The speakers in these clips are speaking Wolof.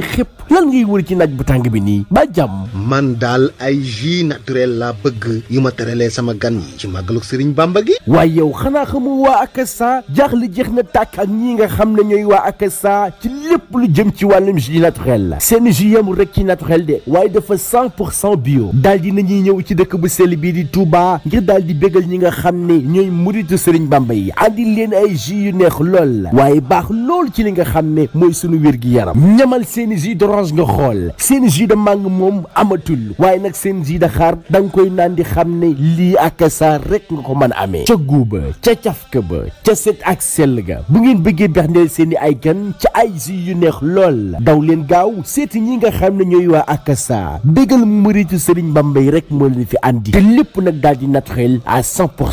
xep lan ngay wër ci naaj bu tang bi ni ba jam man dal ay ji naturel la bëgg yu ma sama gan yi ci màggalug serigne bamba gi wa yow xanaa xamul waa akasa jaaxle jeex na tak ak ñi nga xam ñoy wa waa ci lepp lu jëm ci walum ji naturel la seen ji yam rek ci naturel de way dafa 100 bio dal di nañuy ñew ci dëkk bu sel bi di Touba ngir dal di bégal ñi nga xam ne ñooy muritu sëriñ bàmba yi andi leen ay ji yu neex lool la baax lool ci li nga xam ne mooy sunu gi yaram ñamal seen seen jus d'orange nga xool seen jus de mangue moom amatul waaye nag seen jus de xaar da nga koy naan di xam ne lii ak saa rek nga ko mën a amee ca guuba ca cafka ba ca set ak sell ga bu ngeen bëggee bexndeel seen i ay gan ca ay jus yu neex lool daw leen gaaw seeti ñi nga xam ne ñooy waa ak saa bégal muritu Serigne Bamba yi rek moo leen fi andi te lépp nag daal di naturel à 100 pour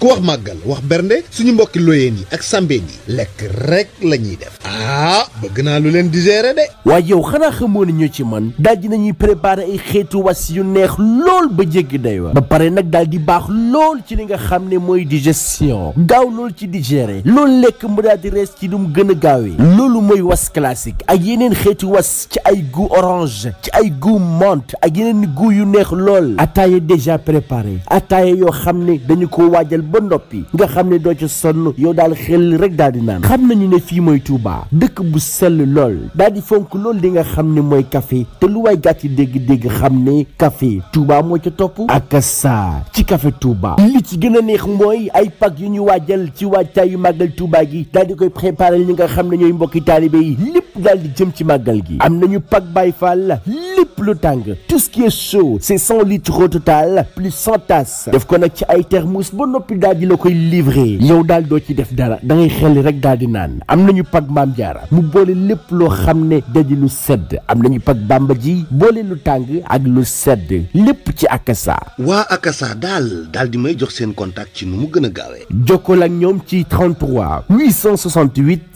ku wax màggal wax bernde suñu mbokki loyeen yi ak sambeen yi lekk rek la ñuy def ah bëgg naa lu leen digérer de waaye yow xanaa xamoo ne ñoo ci man daal di nañuy préparer ay xeetu was yu neex lool ba jéggi day wa ba pare nag daal di baax lool ci li nga xam ne mooy digestion gaaw lool ci digérer loolu lekk mu daal di rees ci dum gën a gaawee loolu mooy was classique ak yeneen xeetu was ci ay goût orange ci ay goût menthe ak yeneen goût yu neex lool ataaye déjà préparé ataaye yoo xam ne dañu ko ba noppi nga xam ne doo ca sonn yow daal xel rek daal di naan xam nañu ne fii mooy Touba dëkk bu sell lool daal di fonk lool di nga xam ne mooy café te lu waay gàtt dégg-dégg xam ne café Touba moo ca topp ak saa ci kafe Touba li ci gën a neex mooy ay pag yu ñu waajal ci waajtaayu màggal Touba gi daal di koy préparer ñi nga xam ne ñooy mbokki taalibe yi lépp daal di jëm ci màggal gi am nañu pak Baye Fall lépp lu tang. tout ce qui est chaud c'est 100 litres au total plus 100 tasses def ko nag ci ay thermos di la koy livré yow dal do ci def dara da ngay xel rek daal di naan am nañu pag maam jaara mu boole lépp loo xam ne sedd am nañu pag ji lu akasa Wa akasa dal dal di may jox seen contact ci nu mu gën a 33 868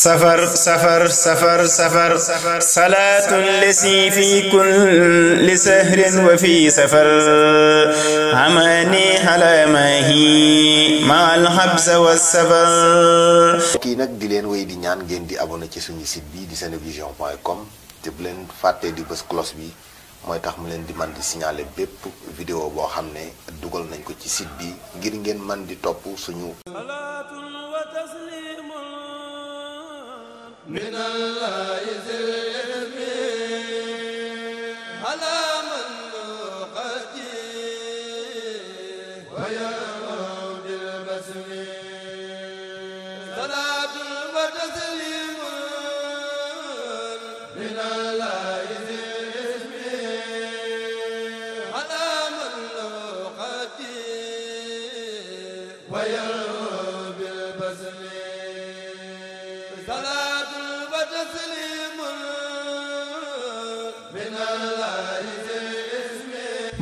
سفر سفر سفر سفر صلاة لسي في كل سهر وفي سفر عماني على ما هي مع الحبس والسفر كي نك دي لين وي دي نيان ген دي ابونا سي سوني سيت بي دي senevision.com te bu len faté di bëss cloche bi moy tax mu len di man di signaler bepp vidéo bo xamné duggal nañ ko ci site bi ngir ngeen man di top suñu من الله يزلم على من قدير ويا رب البسم صلاة وتسليم من الله ويا بالبزم سلام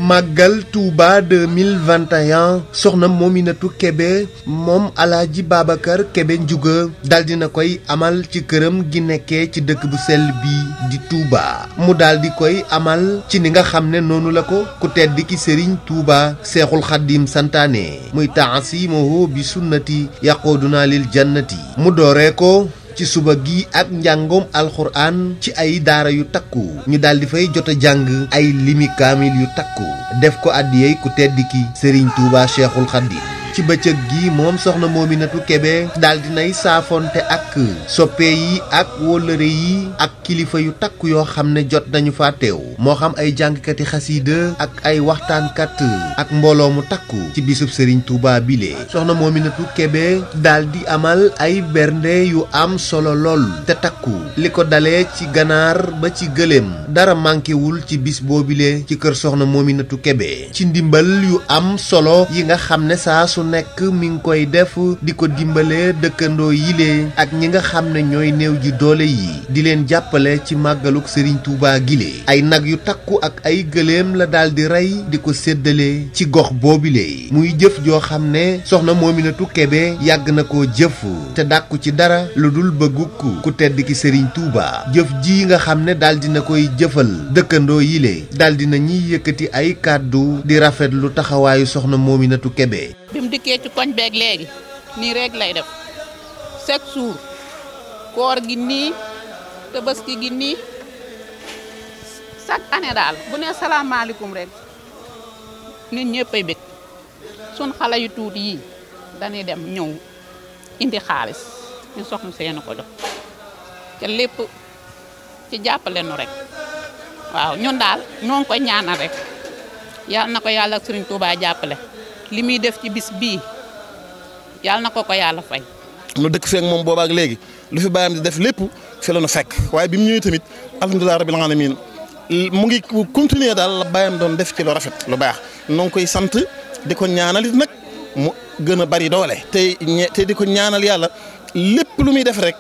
màggal Touba yan soxna moom Mominatou Kébé moom alaaji Babacar kebe Ndiouga daldi na koy amal ci këram gi nekkee ci dëkk bu sell bi di Touba mu daldi koy amal ci ni nga xam ne noonu la ko ku tedd ki sëriñ Touba Seexul Xaddim santaane muy taasimahu bi sunnati yaqooduna lil jannati mu dooree ko ci suba gi ak njàngoom alxuraan ci ay daara yu takku ñu daal di fay jot jàng ay limi kaamil yu takku def ko àddiyey ku tedd ki Serigne Touba Cheikhul Khadim ci bëccëg gi moom soxna moominatu kebe daal dinay saafonte ak soppe yi ak wóllëre yi ak kilifa yu takku yoo xam ne jot nañu fa teew moo xam ay jàngkati xasiida ak ay waxtaankat ak mbooloo mu takku ci bisub sëriñ Touba bile soxna moominatu kebe dal di amal ay bernde yu am solo lool te takku li ko dalee ci ganaar ba ci gëléem dara mànkewul ci bis boobile ci kër soxna moominatu kebe ci ndimbal yu am solo yi nga xam ne saa su nekk mi ngi koy def di ko dimbale dëkkandoo yile ak ñi nga xam ne ñooy néew ji doole yi di leen jàppale ci màggaluk Serigne Touba gile ay nag yu takku ak ay gëléem la daal rey di ko seddale ci gox boobile muy jëf joo xam ne soxna Moominatu Kebe yàgg na ko jëf te dàkku ci dara lu dul bëgguk ku tedd ki Serigne Touba jëf ji nga xam ne daal di na koy jëfal dëkkandoo yile daal di na ñiy yëkkati ay kàddu di rafetlu taxawaayu soxna Moominatu Kebe bi mu dikkee ci koñ beeg léegi nii rek lay def chaque koor gi nii tabaski gi nii chaque année daal bu ne salaamaaleykum rek nit ñëppay bëgg sun xale yu tuuti yii dañuy dem ñëw indi xaalis ñu soxna seeni ko jox te ci jàppale nu rek waaw ñun daal ñoo ngi koy ñaanal rek yal na ko yàlla ak Serigne jàppale. li muy def ci bis bii na ko ko yàlla fay. nu dëkk feek moom boobaak léegi lu fi bàyyam di def lépp fi la nu fekk waaye bi mu ñëwee tamit alhamdulilah ne miin mu ngi continuer daal la bàyyam doon def ci lu rafet lu baax noo koy sant di ko ñaanal it nag mu gën a bari doole. tey te di ko ñaanal yàlla lépp lu muy def rek.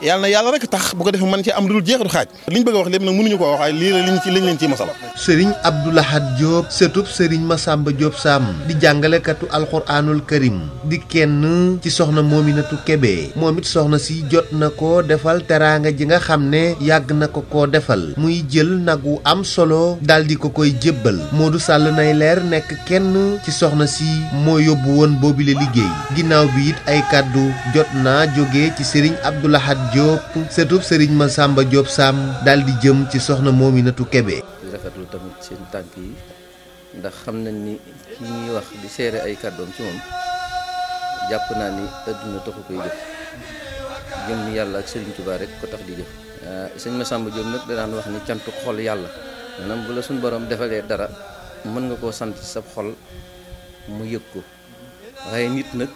yalla na yàlla rek tax bu ko defee man ci am dul jeex du xaaj liñ bëgg wax lepp nak mënuñu ko wax ay lii la liñ ci liñ leen ci masal sëriñ Abdou Lahad Diop setup serigne Massamba Diop Sam di katu alxuraanul karim di kenn ci soxna mominatu kebe momit soxna si jot nako ko defal teranga ji nga xamne yag nako ko defal muy jël nagu am solo dal di ko koy jébbal Modou Sall nay leer nek kenn ci soxna si mo yobbu won bobile liggey ginaaw bi it ay kaddu jot na joge ci serigne Abdou Lahad Diop setup Serigne Massamba Diop Sam dal di jëm ci soxna Mominatou Kébé. di rafetlu tamit seen tànk ndax xam ni ki ñuy wax di séré ay cadeau ci mom japp na ni adduna taxu koy def jëm ni Yalla ak Serigne Touba rek ko tax di jëf. Ah, sëñ Massamba Diop da nan wax ni cantu xol Yalla manam bu la sun borom defalé dara mën nga ko sant sa xol mu yëg ko nit nak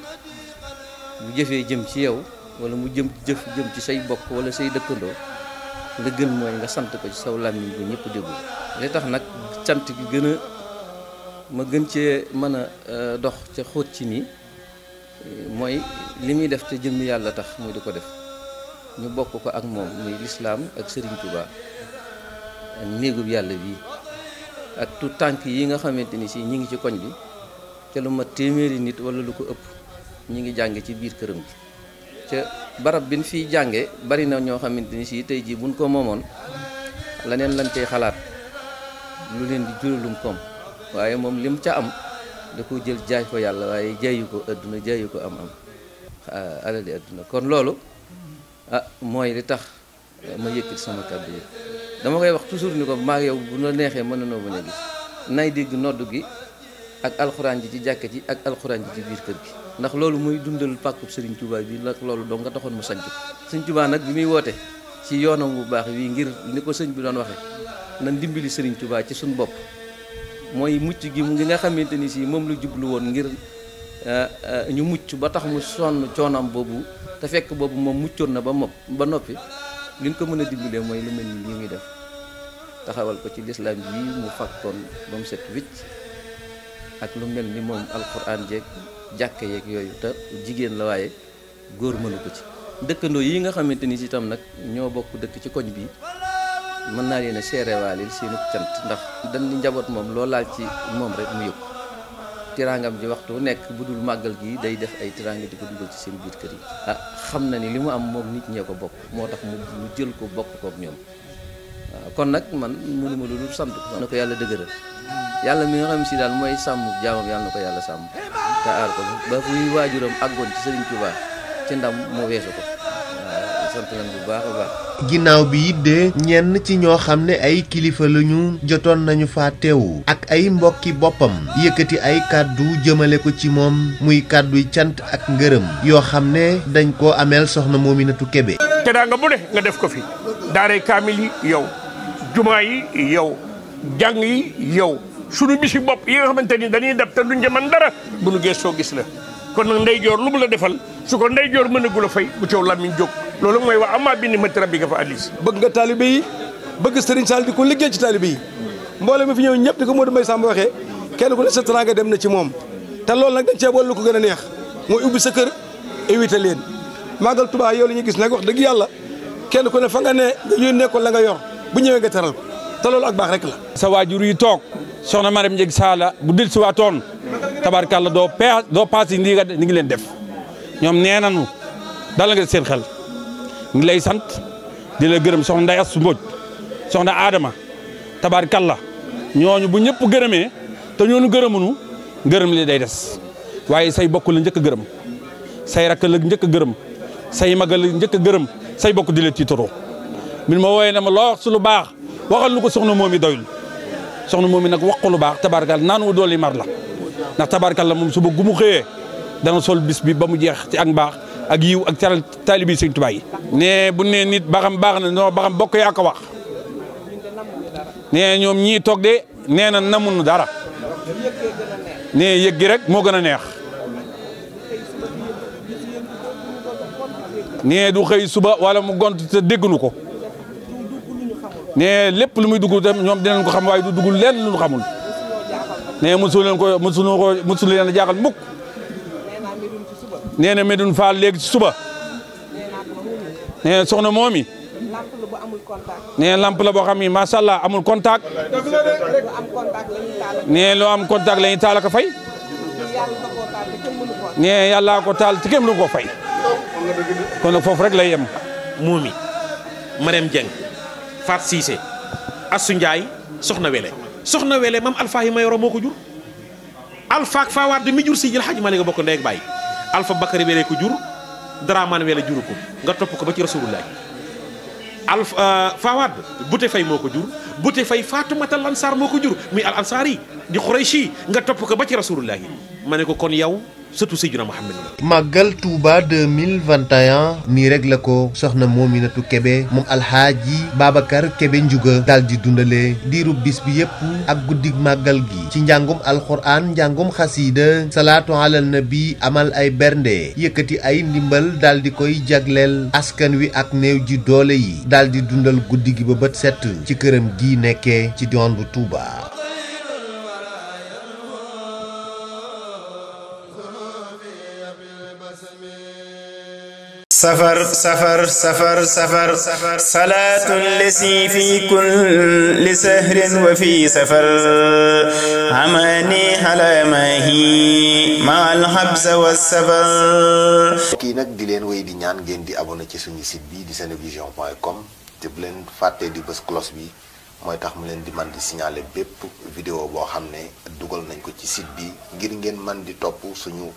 bu jëfé jëm ci yow. wala mu jëm jëf jëm ci say bokk wala say dëkkandoo nga gën mooy nga sant ko ci saw làmmiñ bu ñëpp déglu li tax nag cant gi gën a ma gën cee mën a euh, dox ca xóot ci nii mooy li muy def te jëmm yàlla tax muy du ko def ñu bokk ko ak moom muy lislaam ak Sëriñ Tuubaa ak néegub yàlla bii ak tout tànk yi nga xamante ni si ñu ngi ci koñ bi te lu ma téeméeri nit wala lu ko ëpp ñu ngi jàng ci biir këram gi ca barab bi ñu fiy jànge bari na ñoo xamante ni si tey jii buñ ko moomoon leneen lañ cey xalaat lu leen di juralum koom waaye moom lim ca am da ko jël jaay ko yàlla waaye jaayu ko adduna jaayu ko am am ah, alali adduna kon loolu ah mooy li tax ma yëkkati sama kàddu yi dama koy wax toujours ni ko maa yow bu la neexee mën nanoo bañ a gis nay dégg noddu gi ak alquran ji ci jakki ji ak alquran ji ci bir keur gi ndax lolu muy dundal pakku Serigne Touba bi nak lolu dong nga taxone mu sanju Serigne Touba nak bi muy ci yoonam bu bax wi ngir niko serigne bi don waxe nan dimbali Serigne Touba ci sun bop moy mucc gi mu nga xamanteni ci mom moom la jublu won ngir eh, eh, ñu mucc ba tax mu son cionam bobu te fekk bobu mom muccoon na ba mop ba nopi liñ ko mëna dimbalé moy lu melni li def taxawal ko ci l'islam mu fakkon bam set wicc ak lu mel ni moom alxuraan jeeg jàkka yeeg yooyu te jigéen la waaye góor mënu ko ci dëkkandoo yi nga xamante ni si tam nag ñoo bokk dëkk ci koñ bi mën naa leen a seerewaalil seen cant ndax dañ njaboot moom loo laal ci moom rek mu yëg tiraangam ji waxtu nekk bu dul màggal gi day def ay tiraanga di ko dugal ci seen biir kër yi ah xam na ni li mu am moom nit ñee ko bokk moo tax mu jël ko bokk kook ñoom kon nag man mënuma lu sant ko na ko yàlla dëgëral yàlla mi nga xam si daal mooy sàmm jaamam yàlla na ko yàlla sàmm te aar ko ba fuy waajuram àggoon ci Sëriñ Tuubaa ci ndam moo weesu ko waaw ginnaaw bi it de ñenn ci ñoo xam ne ay kilifa lañu jotoon nañu fa teewu ak ay mbokki boppam yëkkati ay kàddu jëmale ko ci moom muy kàdduy cant ak ngërëm yoo xam ne dañ koo ameel soxna Moominatu Kebe. te daa nga bu ne nga def ko fi daaray kaamil yi yow jumaa yi yow jàng yi yow bi si bopp yi nga xamante ni dañuy def te duñ ca mën dara bu nu soo gis la kon nag ndeyjoor lu mu la defal su ko ndeyjoor mën agul a fay bu coow làmmiñ jóg loolu mooy wax amaa bi ni ma tërab bi nga fa alis bëgg nga taalibe yi bëgg sëriñ Sall di ko liggéey ci taalibe yi mboolem mi fi ñëw ñëpp di ko Modou Mbaye Samb waxee kenn ku ne sa teraanga dem na ci moom te loolu nag dañ cee lu ko gën a neex mooy ubbi sa kër éviter leen màggal Tuubaa yow li ñu gis nag wax dëgg yàlla kenn ku ne fa nga ne nga yónnee la nga yor bu ñëwee nga teral te loolu ak baax rek la. sa waajur yi toog soxna Marème Ndiégue Sala bu dil si waatoon tabarkàlla doo pa doo paas yi nii nga ngi leen def ñoom nee nañu dala nga seen xel ngi lay sant dila la gërëm soxna Ndeye Astou Mbodj soxna Adama tabarkàlla ñooñu bu ñëpp gërëmee te ñooñu gërëmuñu gërëm li day des waaye say bokk la njëkk gërëm say rakk la njëkk gërëm say magal la njëkk gërëm say bokk di la tiitaroo min ma wooyee na ma loo su lu baax waxal lu ko soxna moom yi doyul soxna moom yi nag wax ko lu baax tabarkal naan wu dool yi mar la ndax tabarkal la moom suba gu mu xëyee dana sol bis bi ba mu jeex ci ak mbaax ak yiw ak teral taalibi sëñ Tuubaa yi ne bu nee nit baxam baax na non baxam bokk yaa ko wax ne ñoom ñii toog de nee na namunu dara ne yëg rek moo gën a neex ne du xëy suba wala mu gont te déggnu ko ne lépp lu muy dugg dem ñoom dinañ ko xam waaye du dugg leen lu xamul ne mosu leen ko mosu ko mosu leen a jaaxal mukk nee na Medoune Fall léegi ci suba nee soxna moomi nee lamp la boo xam ni macha allah amul contact nee loo am contact la ñuy taal ak fay nee yàlla ko taal ti kenn mënu ko fay kon nag foofu rek lay yem moomi Marème Dieng Fat Cissé Assou Ndiaye soxna wele soxna wele mam alfa yi ma moo ko jur alfa ak faawaat mi jur si jël xaj ma li nga bokk ndey ak bàyyi alfa bakari wele ko jur daraman wele juru ko nga topp ko ba ci rasulullah alfa euh, faawaat bute fay moo ko jur bute fay faatumata lansaar moo ko jur muy al ansaar di xurayshi nga topp ko ba ci rasulullah ma ne ko kon yow surtout Seydina Mouhamed màggal Touba 2021 nii rek la ko soxna Mominatou Kébé moom alxaaji Babacar kebe njuga daal di dundalee diirub bis bi yépp ak guddi màggal gi ci njàngum alxuraan njàngum xasiida salaatu ala nabi amal ay bernde yëkkati ay ndimbal daal di koy jagleel askan wi ak néew ji doole yi daal di dundal guddi gi ba bët set ci këram gi nekkee ci diwaan bu Touba Safar, safar, safar, safar. صلاة لسي في كل سهر وفي سفر عماني على ما هي مع الحبس والسفر kii nag di leen wéy di ñaan ngeen di abonné di senevision.com te bu di bës cloche bi mooy tax mu leen di man di signaler bépp vidéo boo xam